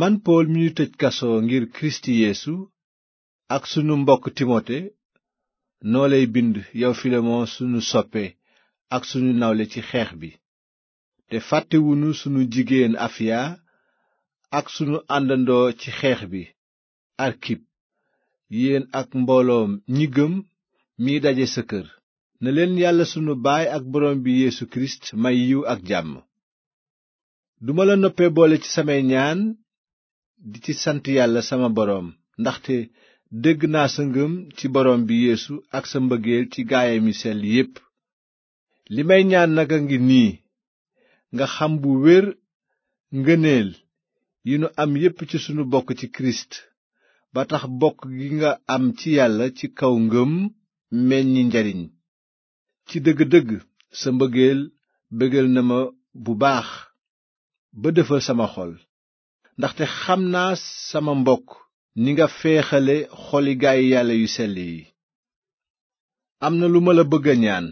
man pool mi ñu tëj kaso ngir kirist yeesu ak sunu mbokk timote noo lay bind yow filemon sunu soppe ak sunu nawle ci xeex bi te fàttewuñu sunu jigéen afiya ak sunu àndandoo ci xeex bi arkip yéen ak mbooloom ñi gëm mi daje sa kër ne leen yàlla sunu baay ak boroom bi yeesu kirist may yiw ak jàmm duma di ci sant yàlla sama boroom ndaxte dégg naa sa ngëm ci boroom bi yeesu ak sa mbëggeel ci gaayam yu sell yépp li may ñaan nag a ngi nii nga xam bu wér ngëneel yi nu am yépp ci sunu bokk ci kirist ba tax bokk gi nga am ci yàlla ci kaw ngëm meññi njariñ ci dëgg-dëgg sa mbëggeel bégal na ma bu baax ba defal sama xol ndaxte xam naa sama mbokk ni nga féexale xoli yàlla yu sell yi am na lu ma la bëgg ñaan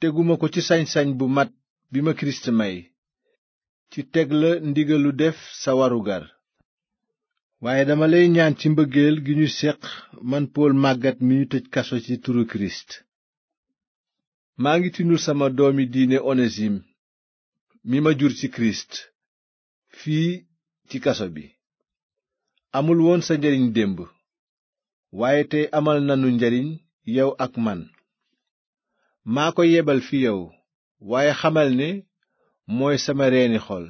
teguma ko ci sañsañ bu mat bi ma kirist may ci teg la lu def sa warugar waaye dama lay ñaan ci mbëggeel gi ñu séq man pool màggat mi ñu tëj kaso ci turu kirist maa ngi tinul sama doomi diine onesim mi ma jur ci kirist fii ci kaso bi amul woon sa njariñ démb waaye tey amal nanu njariñ yow ak man maa ko yebal fi yow waaye xamal ne mooy sama reeni xol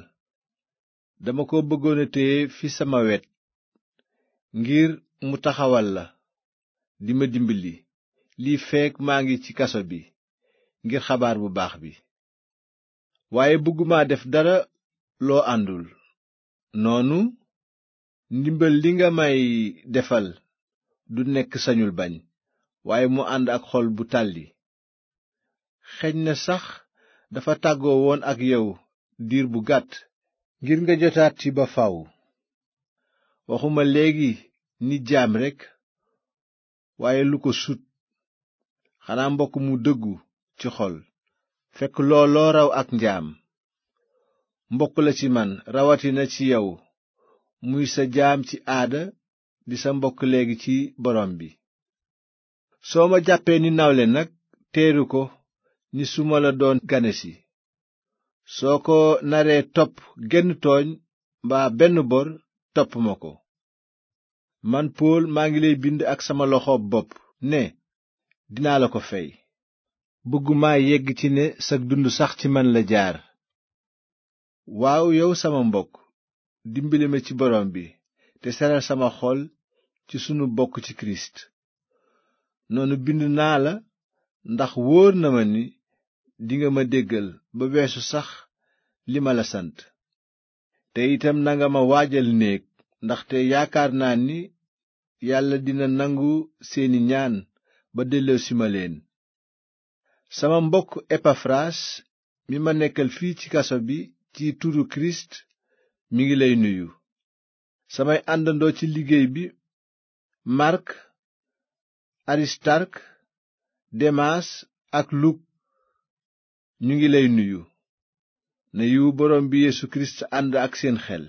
dama ko bëggoon a téye fi sama wet ngir mu taxawal la di ma dimbali lii feek maa ngi ci kaso bi ngir xabaar bu baax bi waaye bëgguma def dara loo àndul noonu ndimbal li nga may defal du nekk sañul bañ waaye mu ànd ak xol bu tàlli xeñ na sax dafa tàggoo woon ak yow diir bu gàtt ngir nga jotaat ci ba faw waxuma léegi ni jaam rekk waaye lu ko sut xanaa mbokk mu dëggu ci xol fekk looloo raw ak njaam mbokk la ci man rawatina ci yow muy sa jaam ci aada di sa mbokk léegi ci borom bi soo ma jàppee ni nawle nag teeru ko ni su ma la doon gane si soo ko naree topp genn tooñ mbaa benn bor topp ma ko man Pool maa ngi lay bind ak sama loxoob bopp ne dinaa la ko fey bëgguma yegg ci ne sag dund sax ci man la jaar waaw yow sama mbokk dimbali ma ci borom bi te seral sama xol ci sunu bokk ci kirist noonu bind naa la ndax wóor na ma ni dinga ma déggal ba weesu sax li ma la sant te itam na nga ma waajal néeg ndaxte yaakaar naa ni yàlla dina nangu seeni ñaan ba delloosi ma leen sama mbokk epafraas mi ma nekkal fii ci kaso bi ci turu kirist mi ngi lay nuyu samay àndandoo ci liggéey bi mark aristark demaas ak luk ñu ngi lay nuyu na yiwu boroom bi yeesu kirist ànd ak seen xel